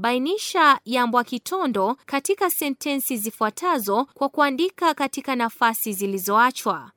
Bainisha yambwa kitondo katika sentensi zifuatazo kwa kuandika katika nafasi zilizoachwa.